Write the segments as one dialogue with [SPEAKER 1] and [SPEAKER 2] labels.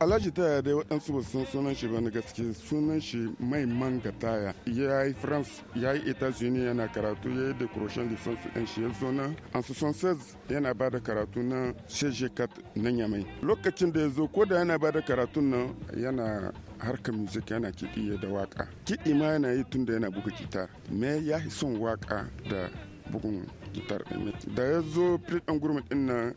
[SPEAKER 1] alhaji ta dai waɗansu ba sun sunan shi ba na gaske sunan shi mai manga taya ya yi france ya yi etats unis yana karatu ya yi decoration defense ɗin shi ya zo na an su yana ba da karatu na shejekat na yamai lokacin da ya zo ko da yana ba da karatun nan yana harkar music yana kiɗi da waka kiɗi ma yana yi tun da yana buga gitar me ya yi son waka da bugun gitar da ya zo firin gurmi ɗin nan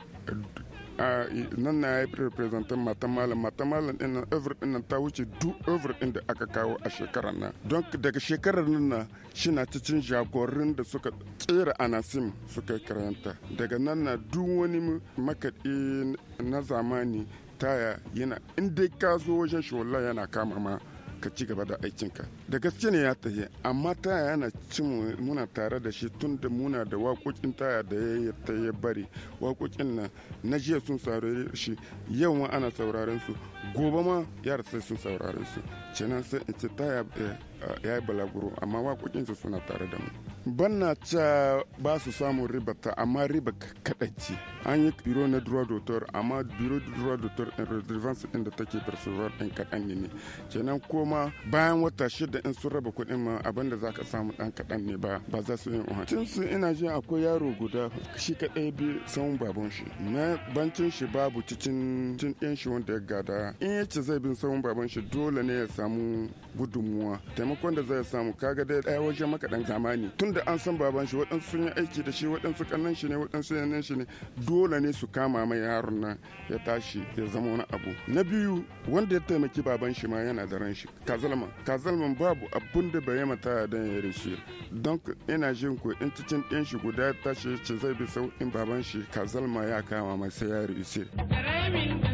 [SPEAKER 1] nan na yi representan matan malam matan malam din nan oeuvre nan ta wuce duk oeuvre din da aka kawo a shekarar nan don daga shekarar nan na shi na cikin jagorin da suka tsira anasim suka karanta daga nan na duk wani makaɗi na zamani taya yana in dai ka zo wajen shi yana kama ma ka ci gaba da aikinka da gaske ne ya tahi amma taya yana cin muna tare da shi tun da muna da waƙoƙin taya da ya ta ya bari waƙoƙin na na jiya sun saurari shi yau ma ana sauraren su gobe ma yara sai sun su kenan sai in ce taya eh, ya yi balaguro amma waƙoƙinsu suna tare da mu na ca ba su samun ribata amma riba kaɗai an yi biro na droit d'auteur amma biro droit d'auteur in redevance din da take percevoir din kaɗan ne kenan koma bayan wata shida in sun raba kuɗin ma abin da ka samu ɗan kaɗan ne ba ba za su yi uwa tun su ina jin akwai yaro guda shi kaɗai bi samun baban shi na bancin shi babu cikin cin ɗin shi wanda ya gada in yace zai bin samun baban shi dole ne ya samu gudunmuwa sakamakon da zai samu kaga dai daya wajen makaɗan zamani tun da an san baban shi waɗansu sun yi aiki da shi waɗansu kannan shi ne waɗansu yanan shi ne dole ne su kama mai yaron nan ya tashi ya zama wani abu na biyu wanda ya taimaki baban shi ma yana da ran shi kazalman kazalman babu abun da bai mata dan ya rishi don ina jin ko in cikin ɗin shi guda tashi ce zai bi sauƙin baban shi kazalma ya kama mai sai ya rishi.